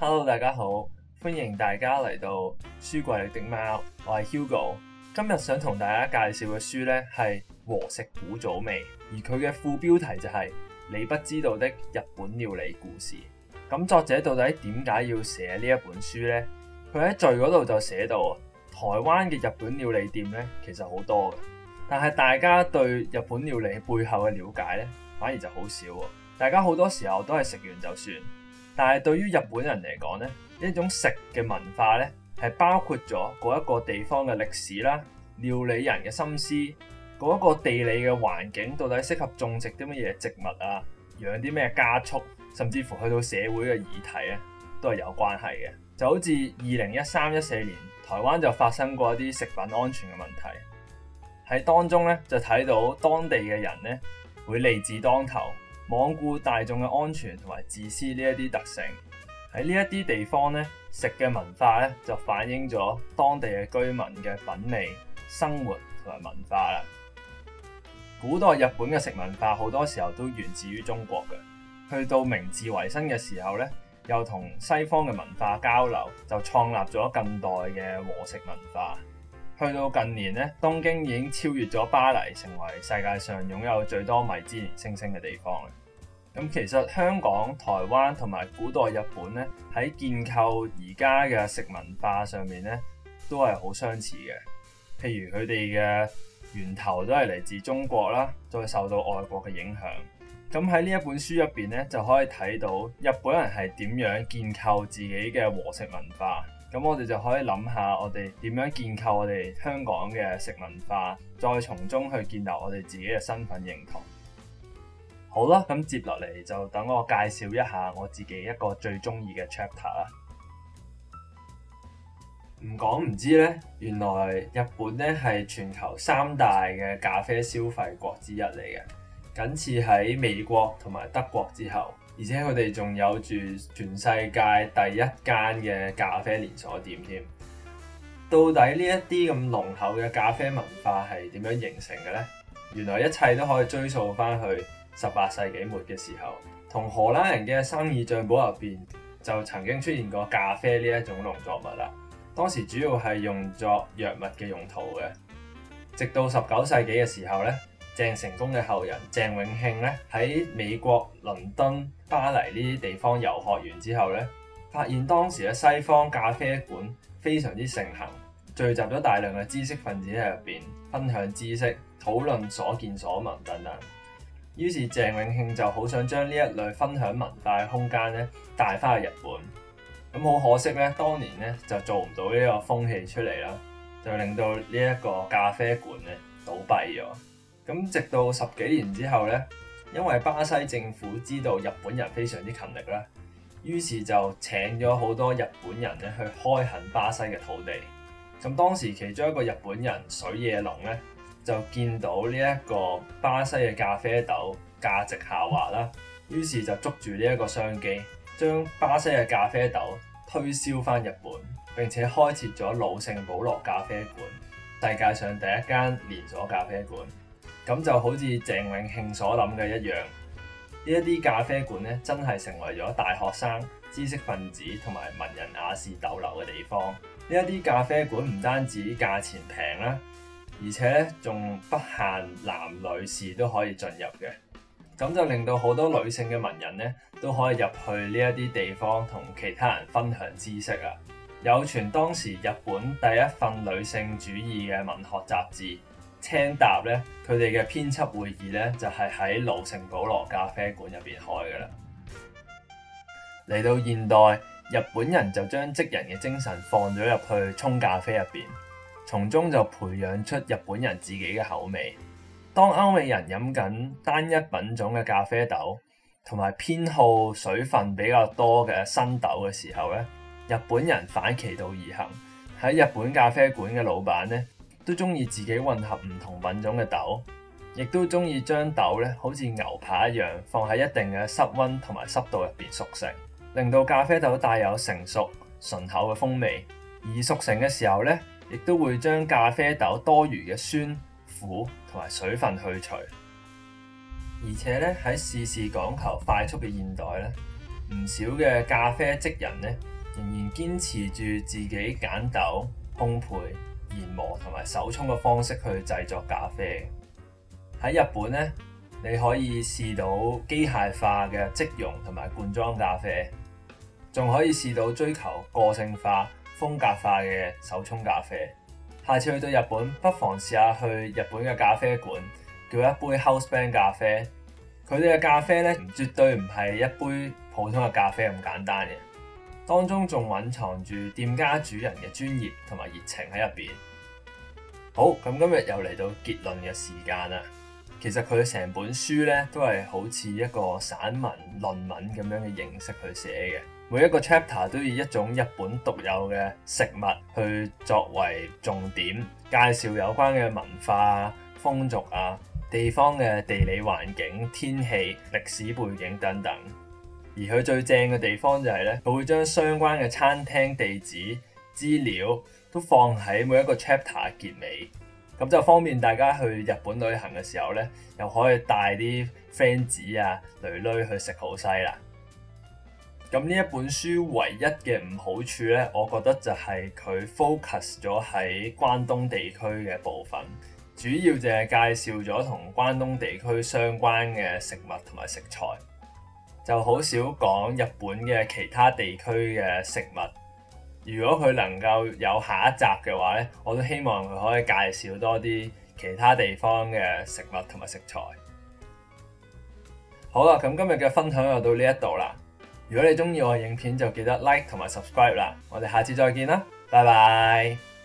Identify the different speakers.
Speaker 1: Hello，大家好，歡迎大家嚟到書櫃裡的貓，我係 Hugo，今日想同大家介紹嘅書呢係和食古早味，而佢嘅副標題就係你不知道的日本料理故事。咁作者到底點解要寫呢一本書呢？佢喺序嗰度就寫到，台灣嘅日本料理店呢，其實好多嘅，但係大家對日本料理背後嘅了解呢，反而就好少，大家好多時候都係食完就算。但係對於日本人嚟講咧，呢種食嘅文化咧，係包括咗嗰一個地方嘅歷史啦、料理人嘅心思、嗰一個地理嘅環境，到底適合種植啲乜嘢植物啊、養啲咩家畜，甚至乎去到社會嘅議題啊，都係有關係嘅。就好似二零一三一四年台灣就發生過一啲食品安全嘅問題，喺當中咧就睇到當地嘅人咧會利字當頭。罔顧大眾嘅安全同埋自私呢一啲特性。喺呢一啲地方咧，食嘅文化咧，就反映咗當地嘅居民嘅品味、生活同埋文化啦。古代日本嘅食文化好多時候都源自於中國嘅，去到明治維新嘅時候咧，又同西方嘅文化交流，就創立咗近代嘅和食文化。去到近年咧，東京已經超越咗巴黎，成為世界上擁有最多米芝蓮星星嘅地方。咁其實香港、台灣同埋古代日本咧，喺建構而家嘅食文化上面咧，都係好相似嘅。譬如佢哋嘅源頭都係嚟自中國啦，再受到外國嘅影響。咁喺呢一本書入面咧，就可以睇到日本人係點樣建構自己嘅和食文化。咁我哋就可以諗下，我哋點樣建構我哋香港嘅食文化，再從中去建立我哋自己嘅身份認同。好啦，咁接落嚟就等我介紹一下我自己一個最鍾意嘅 chapter 啦。唔講唔知呢，原來日本呢係全球三大嘅咖啡消費國之一嚟嘅，僅次喺美國同埋德國之後。而且佢哋仲有住全世界第一間嘅咖啡連鎖店添。到底呢一啲咁濃厚嘅咖啡文化係點樣形成嘅呢？原來一切都可以追溯翻去十八世紀末嘅時候，同荷蘭人嘅生意帳簿入邊就曾經出現過咖啡呢一種農作物啦。當時主要係用作藥物嘅用途嘅。直到十九世紀嘅時候呢。鄭成功嘅後人鄭永慶咧，喺美國、倫敦、巴黎呢啲地方遊學完之後咧，發現當時嘅西方咖啡館非常之盛行，聚集咗大量嘅知識分子喺入邊分享知識、討論所見所聞等等。於是鄭永慶就好想將呢一類分享文化嘅空間咧帶翻去日本。咁好可惜咧，當年咧就做唔到呢個風氣出嚟啦，就令到呢一個咖啡館咧倒閉咗。咁直到十幾年之後咧，因為巴西政府知道日本人非常之勤力啦，於是就請咗好多日本人咧去開墾巴西嘅土地。咁當時其中一個日本人水野龍咧就見到呢一個巴西嘅咖啡豆價值下滑啦，於是就捉住呢一個商機，將巴西嘅咖啡豆推銷翻日本，並且開設咗老聖保羅咖啡館，世界上第一間連鎖咖啡館。咁就好似鄭永慶所諗嘅一樣，呢一啲咖啡館咧，真係成為咗大學生、知識分子同埋文人雅士逗留嘅地方。呢一啲咖啡館唔單止價錢平啦，而且仲不限男女士都可以進入嘅，咁就令到好多女性嘅文人咧都可以入去呢一啲地方同其他人分享知識啊。有傳當時日本第一份女性主義嘅文學雜誌。青搭咧，佢哋嘅編輯會議咧就係喺盧城保羅咖啡館入邊開㗎喇。嚟到現代，日本人就將職人嘅精神放咗入去沖咖啡入邊，從中就培養出日本人自己嘅口味。當歐美人飲緊單一品種嘅咖啡豆，同埋偏好水分比較多嘅新豆嘅時候咧，日本人反其道而行，喺日本咖啡館嘅老闆咧，都中意自己混合唔同品種嘅豆，亦都中意將豆咧好似牛扒一樣放喺一定嘅室溫同埋濕度入面熟成，令到咖啡豆帶有成熟、醇厚嘅風味。而熟成嘅時候咧，亦都會將咖啡豆多餘嘅酸、苦同埋水分去除。而且咧喺事事講求快速嘅現代咧，唔少嘅咖啡職人咧仍然堅持住自己揀豆烘焙。研磨同埋手沖嘅方式去製作咖啡。喺日本咧，你可以試到機械化嘅即溶同埋罐裝咖啡，仲可以試到追求個性化、風格化嘅手沖咖啡。下次去到日本，不妨試下去日本嘅咖啡館，叫一杯 house band 咖啡。佢哋嘅咖啡咧，絕對唔係一杯普通嘅咖啡咁簡單嘅。當中仲隱藏住店家主人嘅專業同埋熱情喺入面。好，咁今日又嚟到結論嘅時間啦。其實佢成本書呢，都係好似一個散文論文咁樣嘅形式去寫嘅。每一個 chapter 都以一種日本獨有嘅食物去作為重點，介紹有關嘅文化、風俗啊、地方嘅地理環境、天氣、歷史背景等等。而佢最正嘅地方就係咧，佢會將相關嘅餐廳地址資料都放喺每一個 chapter 結尾，咁就方便大家去日本旅行嘅時候咧，又可以帶啲 friend 仔啊、女女去食好西啦。咁呢一本書唯一嘅唔好處咧，我覺得就係佢 focus 咗喺關東地區嘅部分，主要就係介紹咗同關東地區相關嘅食物同埋食材。就好少講日本嘅其他地區嘅食物。如果佢能夠有下一集嘅話呢，我都希望佢可以介紹多啲其他地方嘅食物同埋食材。好啦，咁今日嘅分享就到呢一度啦。如果你中意我嘅影片，就記得 like 同埋 subscribe 啦。我哋下次再見啦，拜拜。